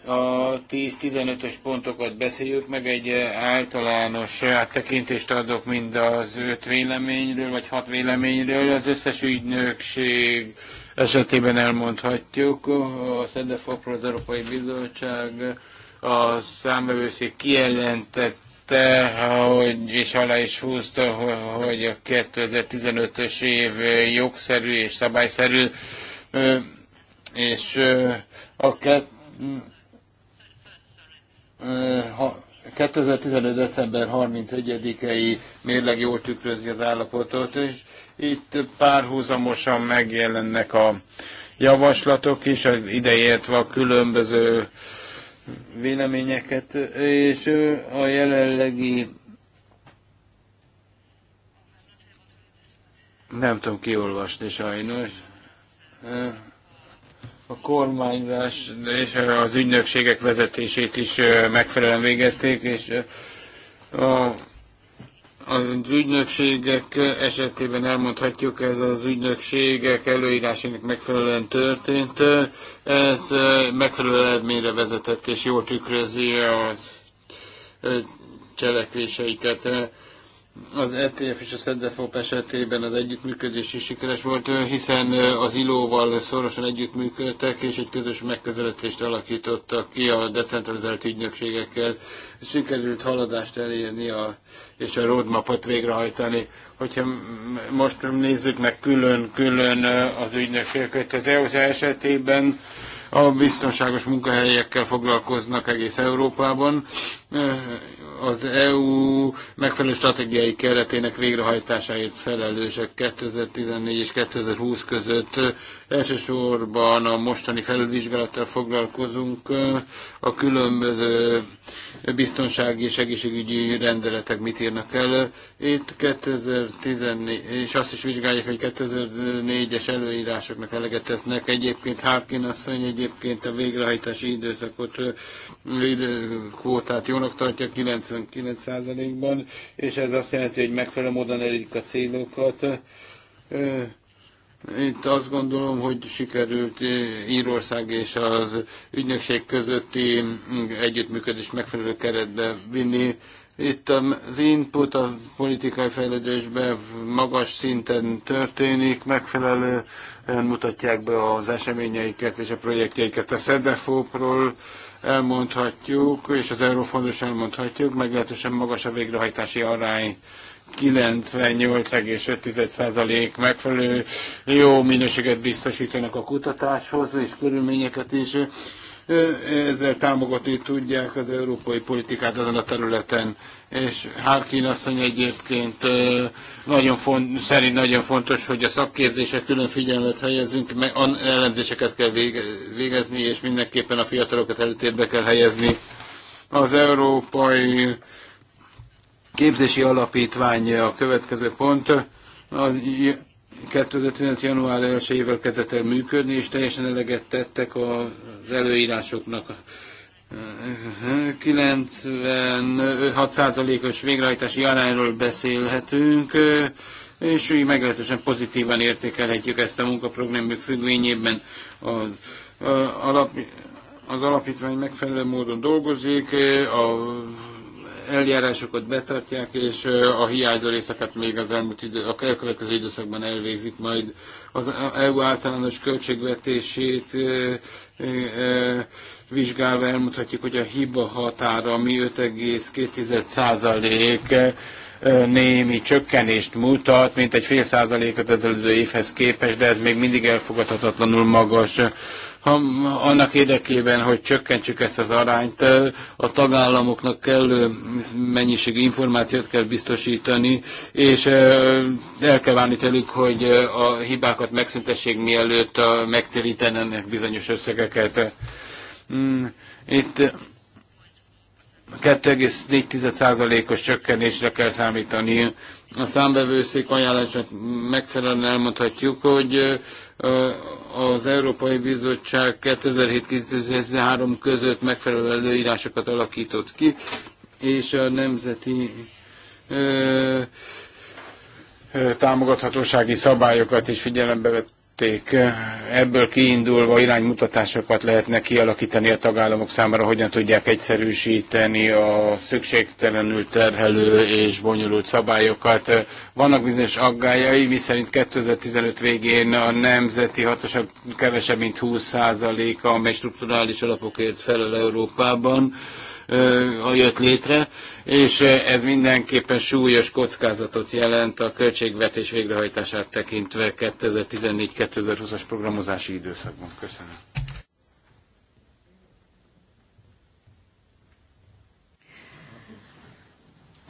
a 10-15-ös pontokat beszéljük meg, egy általános áttekintést adok mind az öt véleményről, vagy hat véleményről. Az összes ügynökség esetében elmondhatjuk, a SZEDEFOPRO az Európai Bizottság, a számbevőszék kijelentette, hogy, és alá is húzta, hogy a 2015-ös év jogszerű és szabályszerű, és a 2015. december 31-i mérleg jól tükrözi az állapotot, és itt párhuzamosan megjelennek a javaslatok is, ideértve a különböző véleményeket, és a jelenlegi nem tudom kiolvasni sajnos a kormányzás és az ügynökségek vezetését is megfelelően végezték, és a az ügynökségek esetében elmondhatjuk, ez az ügynökségek előírásának megfelelően történt. Ez megfelelő eredményre vezetett, és jól tükrözi a cselekvéseiket az ETF és a SZEDEFOP esetében az együttműködés is sikeres volt, hiszen az ILO-val szorosan együttműködtek, és egy közös megközelítést alakítottak ki a decentralizált ügynökségekkel. Sikerült haladást elérni a, és a roadmapot végrehajtani. Hogyha most nézzük meg külön-külön az ügynökségeket, az EU esetében a biztonságos munkahelyekkel foglalkoznak egész Európában, az EU megfelelő stratégiai keretének végrehajtásáért felelősek 2014 és 2020 között. Elsősorban a mostani felülvizsgálattal foglalkozunk a különböző biztonsági és egészségügyi rendeletek mit írnak el. Itt 2014, és azt is vizsgálják, hogy 2004-es előírásoknak eleget tesznek. Egyébként Harkin asszony egyébként a végrehajtási időszakot, idő, kvótát jól jónak tartja 99%-ban, és ez azt jelenti, hogy megfelelő módon elérjük a célokat. Itt azt gondolom, hogy sikerült Írország és az ügynökség közötti együttműködés megfelelő keretbe vinni. Itt az input a politikai fejlődésben magas szinten történik, megfelelően mutatják be az eseményeiket és a projektjeiket a szedefópról. ról elmondhatjuk, és az eurófondos elmondhatjuk, meglehetősen magas a végrehajtási arány, 98,5% megfelelő jó minőséget biztosítanak a kutatáshoz és körülményeket is ezzel támogatni tudják az európai politikát ezen a területen. És Harkin asszony egyébként nagyon font, szerint nagyon fontos, hogy a szakképzésre külön figyelmet helyezünk, ellenzéseket kell végezni, és mindenképpen a fiatalokat előtérbe kell helyezni. Az európai képzési alapítvány a következő pont. A 2015. január 1 évvel kezdett el működni, és teljesen eleget tettek az előírásoknak. 96%-os végrehajtási arányról beszélhetünk, és így meglehetősen pozitívan értékelhetjük ezt a munkaprogramjuk függvényében. Az, alap, az alapítvány megfelelő módon dolgozik, a eljárásokat betartják, és a hiányzó részeket még az elmúlt idő, a következő időszakban elvégzik majd az EU általános költségvetését vizsgálva elmutatjuk, hogy a hiba határa, mi 5,2 némi csökkenést mutat, mint egy fél százalékot az előző évhez képest, de ez még mindig elfogadhatatlanul magas ha, annak érdekében, hogy csökkentsük ezt az arányt, a tagállamoknak kellő mennyiségű információt kell biztosítani, és el kell válni tőlük, hogy a hibákat megszüntessék, mielőtt megtérítenek bizonyos összegeket. Mm, itt 2,4%-os csökkenésre kell számítani. A számbevőszék ajánlását megfelelően elmondhatjuk, hogy az Európai Bizottság 2007-2013 között megfelelő előírásokat alakított ki, és a nemzeti támogathatósági szabályokat is figyelembe vett tették. Eh, ebből kiindulva iránymutatásokat lehetne kialakítani a tagállamok számára, hogyan tudják egyszerűsíteni a szükségtelenül terhelő és bonyolult szabályokat. Vannak bizonyos aggályai, miszerint 2015 végén a nemzeti hatóság kevesebb, mint 20%-a, amely strukturális alapokért felel Európában jött létre, és ez mindenképpen súlyos kockázatot jelent a költségvetés végrehajtását tekintve 2014-2020-as programozási időszakban. Köszönöm.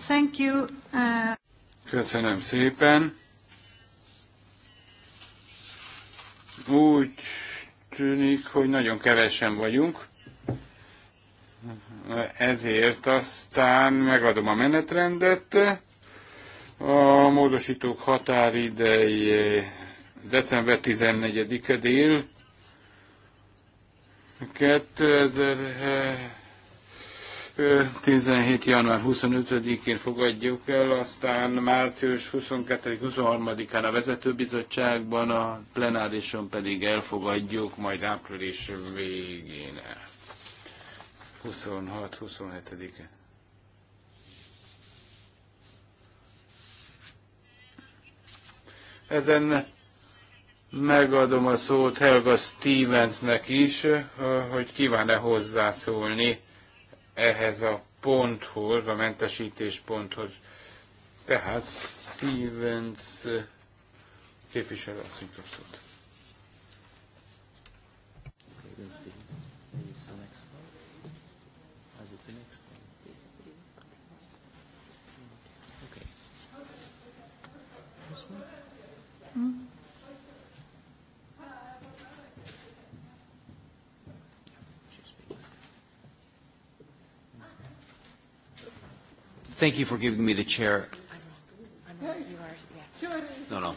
Thank you. Uh... Köszönöm szépen. Úgy tűnik, hogy nagyon kevesen vagyunk ezért aztán megadom a menetrendet. A módosítók határideje december 14-e dél 2017. január 25-én fogadjuk el, aztán március 22-23-án a vezetőbizottságban, a plenárison pedig elfogadjuk, majd április végén el. 26-27-e. Ezen megadom a szót Helga Stevensnek is, eh, hogy kíván-e hozzászólni ehhez a ponthoz, a mentesítés ponthoz. Tehát Stevens eh, képviselő asszony kapszott. Thank you for giving me the chair. No, no.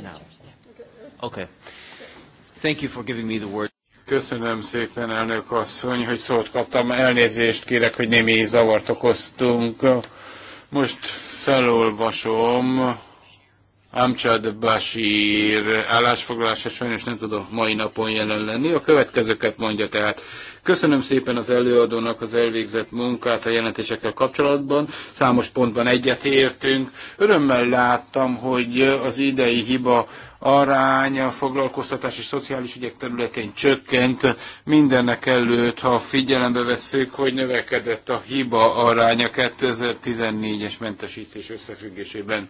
No. Okay. Thank you for giving me the word. Köszönöm szépen, elnök asszony, hogy szót kaptam. Elnézést kérek, hogy némi zavart okoztunk. Most felolvasom Amcsad Basír állásfoglalása sajnos nem tud a mai napon jelen lenni. A következőket mondja tehát. Köszönöm szépen az előadónak az elvégzett munkát a jelentésekkel kapcsolatban. Számos pontban egyetértünk. Örömmel láttam, hogy az idei hiba arány a foglalkoztatás és szociális ügyek területén csökkent. Mindennek előtt, ha figyelembe vesszük, hogy növekedett a hiba aránya 2014-es mentesítés összefüggésében.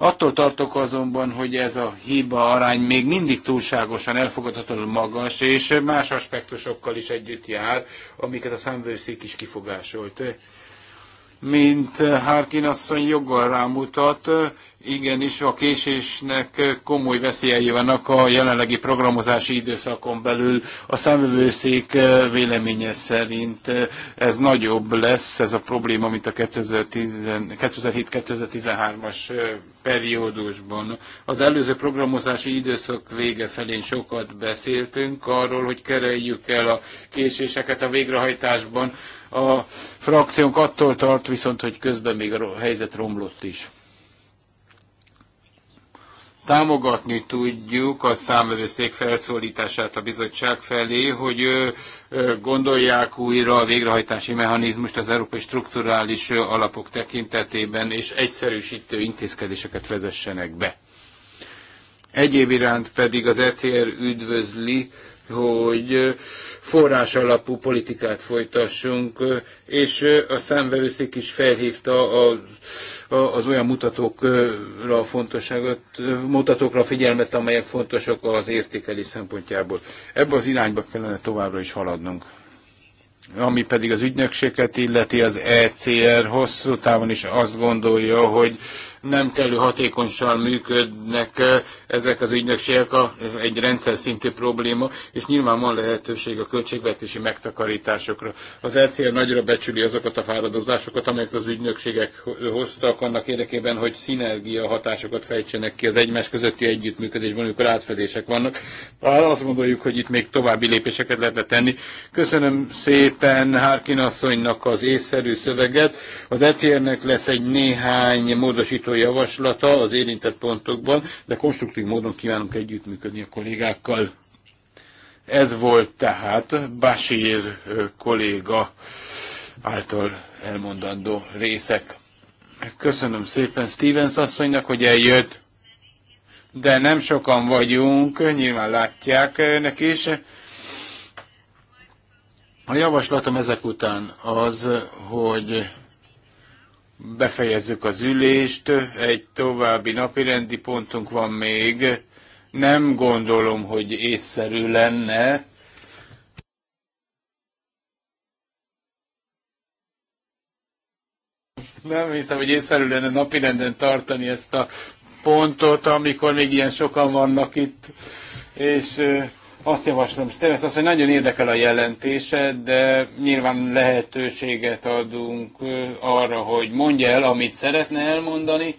Attól tartok azonban, hogy ez a hiba arány még mindig túlságosan elfogadhatóan magas, és más aspektusokkal is együtt jár, amiket a számvőszék is kifogásolt mint eh, Harkin asszony joggal rámutat, eh, igenis a késésnek eh, komoly veszélyei vannak a jelenlegi programozási időszakon belül. A számövőszék véleménye szerint ez nagyobb lesz, ez a probléma, mint a 2007-2013-as periódusban. Az előző programozási időszak vége felén sokat beszéltünk arról, hogy kereljük el a késéseket a végrehajtásban. A frakciónk attól tart viszont, hogy közben még a helyzet romlott is. Támogatni tudjuk a számvevőszék felszólítását a bizottság felé, hogy gondolják újra a végrehajtási mechanizmust az európai strukturális alapok tekintetében, és egyszerűsítő intézkedéseket vezessenek be. Egyéb iránt pedig az ECR üdvözli, hogy forrás alapú politikát folytassunk, és a számverőszék is felhívta a, a, az olyan mutatókra, fontosságot, mutatókra figyelmet, amelyek fontosak az értékelés szempontjából. Ebbe az irányba kellene továbbra is haladnunk. Ami pedig az ügynökséget illeti, az ECR hosszú távon is azt gondolja, hogy nem kellő hatékonysal működnek eh, ezek az ügynökségek, ez egy rendszer szintű probléma, és nyilván van lehetőség a költségvetési megtakarításokra. Az ECR nagyra becsüli azokat a fáradozásokat, amelyek az ügynökségek hoztak annak érdekében, hogy szinergia hatásokat fejtsenek ki az egymás közötti együttműködésben, amikor átfedések vannak. Azt gondoljuk, hogy itt még további lépéseket lehetne tenni. Köszönöm szépen Hárkin asszonynak az észszerű szöveget. Az ECR-nek lesz egy néhány módosító javaslata az érintett pontokban, de konstruktív módon kívánunk együttműködni a kollégákkal. Ez volt tehát Basír kolléga által elmondandó részek. Köszönöm szépen Stevens asszonynak, hogy eljött. De nem sokan vagyunk, nyilván látják önök is. A javaslatom ezek után az, hogy befejezzük az ülést, egy további napirendi pontunk van még. Nem gondolom, hogy észszerű lenne. Nem hiszem, hogy észszerű lenne napirenden tartani ezt a pontot, amikor még ilyen sokan vannak itt, és azt javaslom, Stevesz azt, hogy nagyon érdekel a jelentése, de nyilván lehetőséget adunk arra, hogy mondja el, amit szeretne elmondani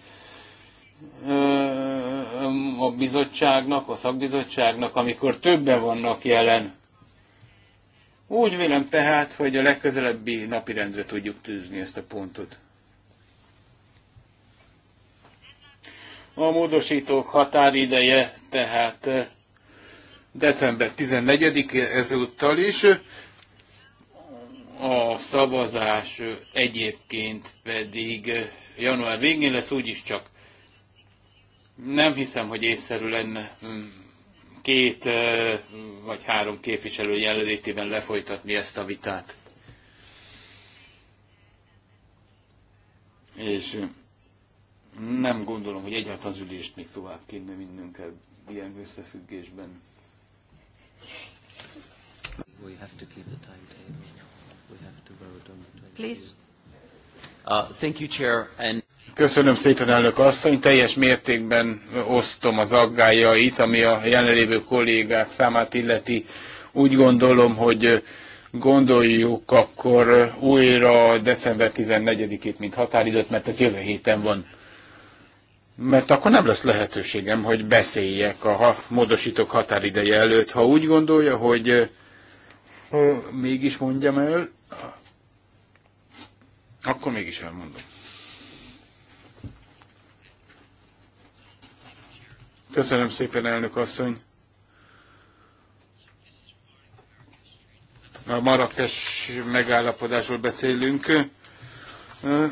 a bizottságnak, a szakbizottságnak, amikor többen vannak jelen. Úgy vélem tehát, hogy a legközelebbi napirendre tudjuk tűzni ezt a pontot. A módosítók határideje tehát december 14 én ezúttal is. A szavazás egyébként pedig január végén lesz, úgyis csak nem hiszem, hogy észszerű lenne hm, két vagy három képviselő jelenlétében lefolytatni ezt a vitát. És hm, nem gondolom, hogy egyáltalán az ülést még tovább kéne vinnünk e- ilyen összefüggésben. We have to keep the timetable. We have to vote on the Please. Uh, thank you, Chair. And... Köszönöm szépen, elnök asszony. Teljes mértékben osztom az aggájait, ami a jelenlévő kollégák számát illeti. Úgy gondolom, hogy gondoljuk akkor újra december 14-ét, mint határidőt, mert ez jövő héten van mert akkor nem lesz lehetőségem, hogy beszéljek a módosítók határideje előtt. Ha úgy gondolja, hogy mégis mondjam el, akkor mégis elmondom. Köszönöm szépen, elnök asszony. A Marrakes megállapodásról beszélünk.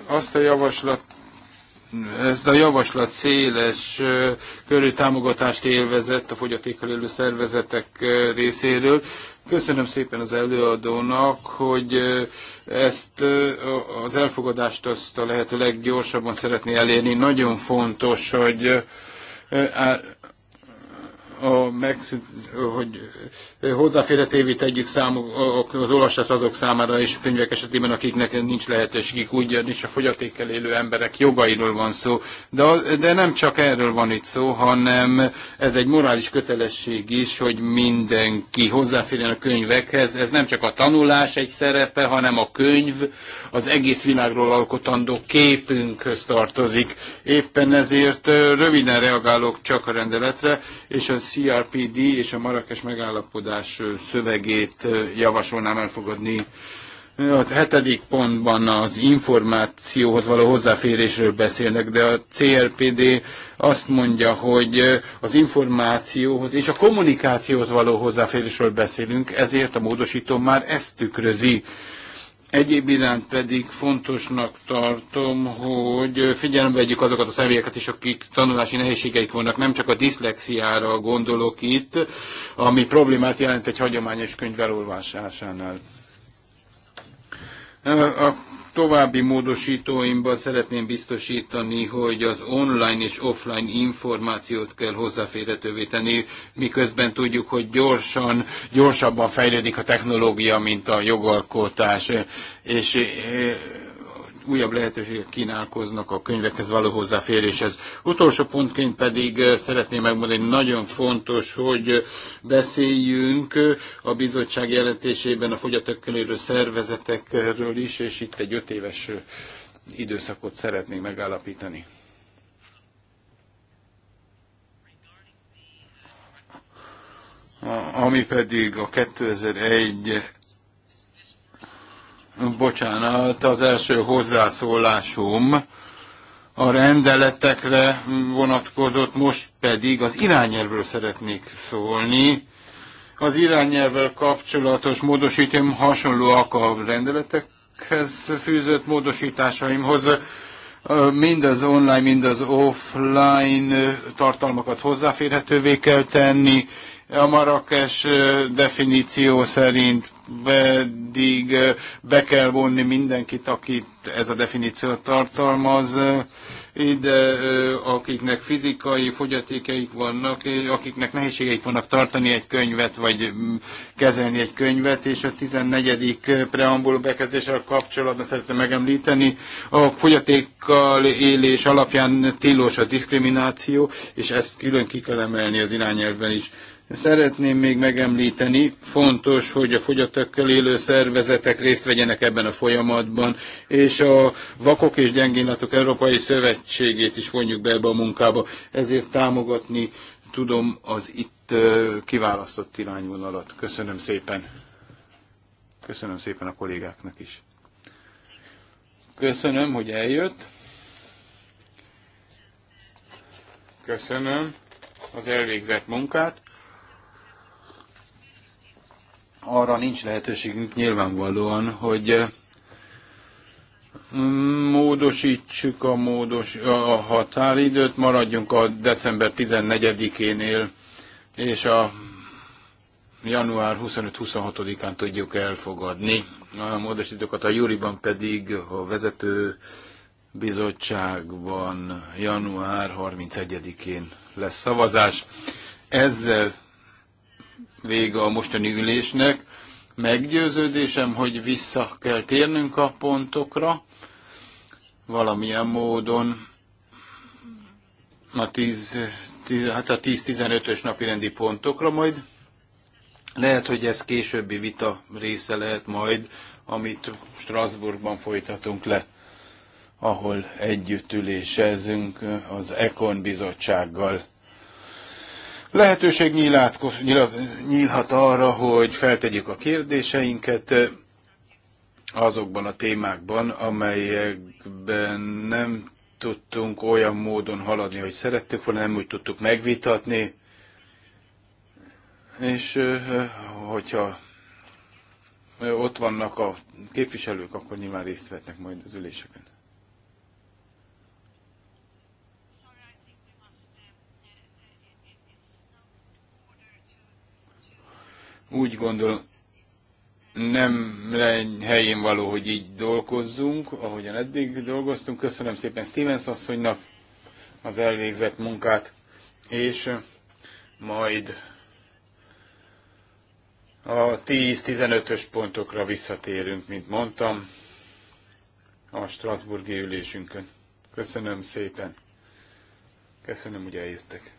Azt a javaslat ez a javaslat széles körű támogatást élvezett a fogyatékkal élő szervezetek részéről. Köszönöm szépen az előadónak, hogy ezt az elfogadást azt a lehető leggyorsabban szeretné elérni. Nagyon fontos, hogy a meg, hogy hozzáférhetővé tegyük számok, az olvasat azok számára és könyvek esetében, akiknek nincs lehetőségük, és a fogyatékkel élő emberek jogairól van szó. De, de nem csak erről van itt szó, hanem ez egy morális kötelesség is, hogy mindenki hozzáférjen a könyvekhez. Ez nem csak a tanulás egy szerepe, hanem a könyv az egész világról alkotandó képünkhöz tartozik. Éppen ezért röviden reagálok csak a rendeletre, és az CRPD és a Marrakes megállapodás szövegét javasolnám elfogadni. A hetedik pontban az információhoz való hozzáférésről beszélnek, de a CRPD azt mondja, hogy az információhoz és a kommunikációhoz való hozzáférésről beszélünk, ezért a módosító már ezt tükrözi. Egyéb iránt pedig fontosnak tartom, hogy figyelembe vegyük azokat a személyeket is, akik tanulási nehézségeik vannak. Nem csak a diszlexiára gondolok itt, ami problémát jelent egy hagyományos könyv elolvásásánál. A további módosítóimban szeretném biztosítani, hogy az online és offline információt kell hozzáférhetővé tenni, miközben tudjuk, hogy gyorsan, gyorsabban fejlődik a technológia, mint a jogalkotás, és újabb lehetőségek kínálkoznak a könyvekhez való hozzáféréshez. Utolsó pontként pedig eh, szeretném megmondani, nagyon fontos, hogy eh, beszéljünk eh, a bizottság jelentésében a fogyatokkal szervezetekről is, és itt egy öt éves időszakot szeretnénk megállapítani. ami pedig a 2001 Bocsánat, az első hozzászólásom a rendeletekre vonatkozott, most pedig az irányelvről szeretnék szólni. Az irányelvvel kapcsolatos módosítom hasonlóak a rendeletekhez fűzött módosításaimhoz. Mind az online, mind az offline tartalmakat hozzáférhetővé kell tenni, a marakes definíció szerint pedig be kell vonni mindenkit, akit ez a definíció tartalmaz, ide, akiknek fizikai fogyatékeik vannak, akiknek nehézségeik vannak tartani egy könyvet, vagy kezelni egy könyvet, és a 14. preambul bekezdéssel kapcsolatban szeretném megemlíteni, a fogyatékkal élés alapján tilos a diszkrimináció, és ezt külön ki kell emelni az irányelvben is. Szeretném még megemlíteni, fontos, hogy a fogyatökkel élő szervezetek részt vegyenek ebben a folyamatban, és a Vakok és Gyengénlatok Európai Szövetségét is vonjuk be ebbe a munkába. Ezért támogatni tudom az itt kiválasztott irányvonalat. Köszönöm szépen. Köszönöm szépen a kollégáknak is. Köszönöm, hogy eljött. Köszönöm az elvégzett munkát arra nincs lehetőségünk nyilvánvalóan, hogy módosítsuk a, módos, a határidőt, maradjunk a december 14-énél, és a január 25-26-án tudjuk elfogadni. A módosítókat a júriban pedig a vezető bizottságban január 31-én lesz szavazás. Ezzel vége a mostani ülésnek. Meggyőződésem, hogy vissza kell térnünk a pontokra, valamilyen módon a 10, 10, hát a 10-15-ös napi rendi pontokra majd. Lehet, hogy ez későbbi vita része lehet majd, amit Strasbourgban folytatunk le, ahol együtt ülésezünk az econ bizottsággal. Lehetőség nyílhat arra, hogy feltegyük a kérdéseinket eh, azokban a témákban, amelyekben nem tudtunk olyan módon haladni, hogy szerettük volna, nem úgy tudtuk megvitatni, és eh, hogyha ott vannak a képviselők, akkor nyilván részt vetnek majd az üléseken. Úgy gondolom, nem helyén való, hogy így dolgozzunk, ahogyan eddig dolgoztunk. Köszönöm szépen Stevens asszonynak az elvégzett munkát, és majd a 10-15-ös pontokra visszatérünk, mint mondtam, a Strasburgi ülésünkön. Köszönöm szépen. Köszönöm, hogy eljöttek.